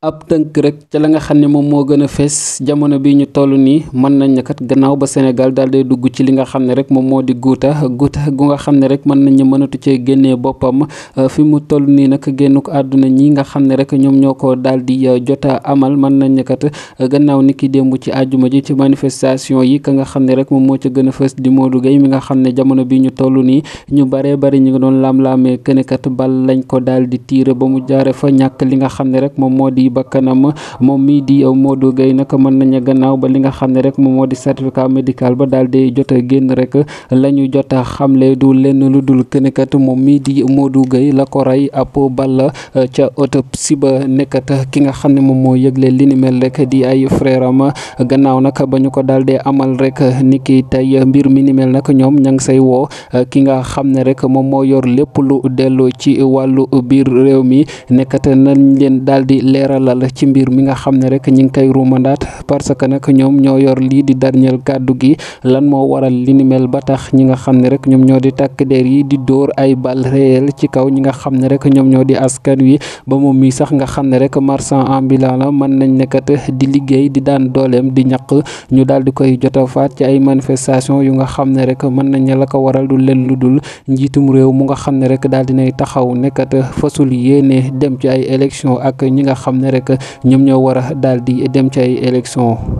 ab tënk rek ca la nga xam ne moom moo gën a fees jamono bi ñu toll nii mën nañ ne kat gannaaw ba Sénégal daal day dugg ci li nga xam ne rek moom moo di guuta guuta gu nga xam ne rek mën nañ mënatu cee génnee boppam euh, fi mu toll nii nag génn ko àdduna ñi nga xam ne rek ñoom ñoo ko daal di euh, jota amal mën nañ ne kat euh, gannaaw ni ki démb ci àjjuma ji ci manifestation yi ka nga xam ne rek moom moo ca gën a fees di Modou Gueye mi nga xam ne jamono bi ñu toll nii ñu baree bari ñu ngi doon laam-laamee kenn kat bal lañ ko daal di tiire ba mu jaare fa ñàkk li nga xam ne rek moom moo di ci bakkanam moom mii di Modou Gueye nag mën nañu gannaaw ba li nga xam ne rek moom moo di certificat médical ba daal di jot a génn rek la ñu jot a xamle du lenn lu dul kënekat moom mii di moo du Gueye la ko rey ab balla euh, ca autopsie ba nekkat ki nga xam ne moom moo yëgle li ni mel rek di ay frère am gannaaw nag ba ñu ko daal di amal rek ni ki tey mbir mi ni nag ñoom ña say woo euh, ki nga xam ne rek moom moo yor lépp lu dellu ci wàllu biir réew mi leeralal ci mbir mi nga xam ne rek ñi ngi koy ruumandaat parce que nag ñoom ñoo yor lii di dernier kàddu gi lan moo waral li ni mel ba tax ñi nga xam ne rek ñoom ñoo di takk der yi di dóor ay bal réel ci kaw ñi nga xam ne rek ñoom ñoo di askan wi ba moom mii sax nga xam ne rek marchand ambulant la mën nañ nekkat di liggéey di daan dooleem di ñaq ñu daal di koy jot a ci ay manifestation yu nga xam ne rek mën nañ ne la ko waral du leen lu dul njiitum réew mu nga xam ne rek daal dinay taxaw nekkat fasul yéene dem ci ay élection ne rek ñoom ñoo war a daal di dem ci ay élection